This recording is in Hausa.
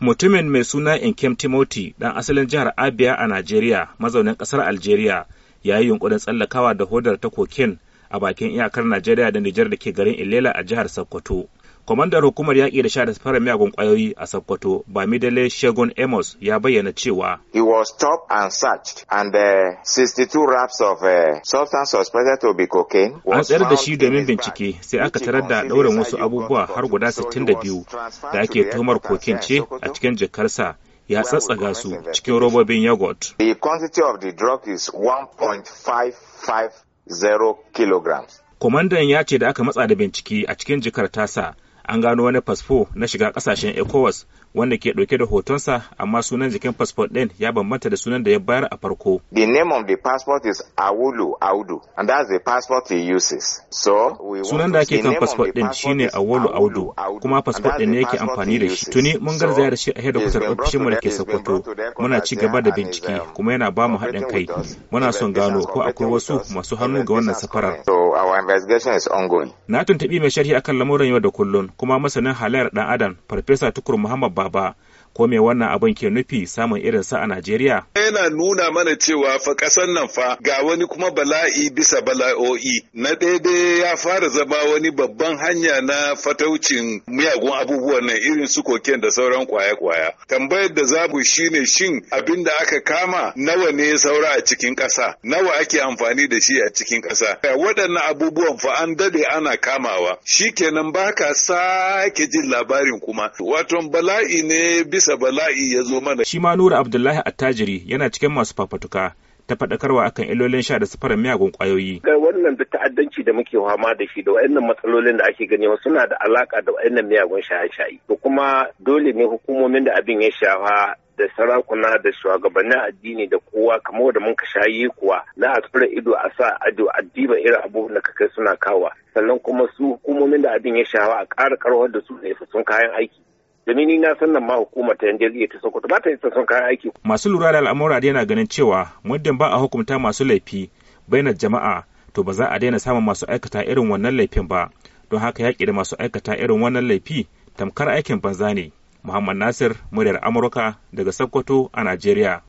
mutumin mai suna inkem timoti dan asalin jihar abia a najeriya mazaunin kasar algeria ya yi yunkurin tsallakawa da hodar ta kokin a bakin iyakar najeriya da nijar da ke garin ilela a jihar sokoto Kwamandar hukumar yaƙi da sha da fara miyagun ƙwayoyi a Sokoto, Bamidele shagun Amos ya bayyana cewa. He was stopped and searched and uh, the 62 wraps of a uh, substance suspected to be cocaine. An tsayar da shi domin bincike sai aka tarar da ɗaurin wasu abubuwa har guda 62 da ake tuhumar cocaine ce a cikin jikarsa ya tsatsaga su cikin robobin yogurt. The quantity of the drug is 1.550 kilograms. Kwamandan ya ce da aka matsa da bincike a cikin jikar tasa an gano wani fasfo na shiga kasashen ecowas wanda ke dauke da hotonsa amma sunan jikin fasfo ɗin ya bambanta da sunan da ya bayar a farko the name of the passport is awulu audu and that's the passport he uses so sunan da ke kan fasfo ɗin shine awulu audu kuma fasfo ɗin ne yake amfani da shi tuni mun garzaya da shi a hedda kutar ofishin mu da ke sokoto muna ci gaba da bincike um, kuma yana ba mu haɗin kai muna son gano ko akwai wasu masu hannu ga wannan safarar na tuntaɓi mai sharhi akan lamuran yau da kullun kuma masanin halayyar dan adam farfesa tukur muhammad baba ko me wannan abin ke nufi samun irinsa a Najeriya? Yana nuna mana cewa fa ƙasar nan fa ga wani kuma bala'i bisa bala'o'i na daidai ya fara zama wani babban hanya na fataucin miyagun abubuwan nan irin su koken da sauran kwaya-kwaya. Tambayar da zabu shine shin abin da aka kama nawa ne saura a cikin ƙasa nawa ake amfani da shi a cikin ƙasa. Waɗannan abubuwan fa an dade ana kamawa shikenan baka sake jin labarin kuma wato bala'i ne bisa bisa bala'i ya zo mana. Shi ma Nura Abdullahi Attajiri yana cikin masu fafatuka ta faɗakarwa akan illolin sha da safarar miyagun ƙwayoyi. ga wannan da ta'addanci da muke fama da shi da wa'annan matsalolin da ake gani suna da alaƙa da wa'annan miyagun shaye-shaye. To kuma dole ne hukumomin da abin ya shafa da sarakuna da shugabannin addini da kowa kamar da mun ka shayi kuwa na a tsura ido a sa ajo addiba irin abubuwan da kakai suna kawa sannan kuma su hukumomin da abin ya shawa a ƙara karwar da su ne sun kayan aiki domin ni na san nan ma hukumar ta yan jirgi ta Sokoto ba ta yi son kayan aiki. Masu lura da al'amura da yana ganin cewa muddin ba a hukunta masu laifi bainar jama'a to ba za a daina samun masu aikata irin wannan laifin ba don haka yaƙi da masu aikata irin wannan laifi tamkar aikin banza ne. Muhammad Nasir, muryar Amurka daga Sokoto a Najeriya.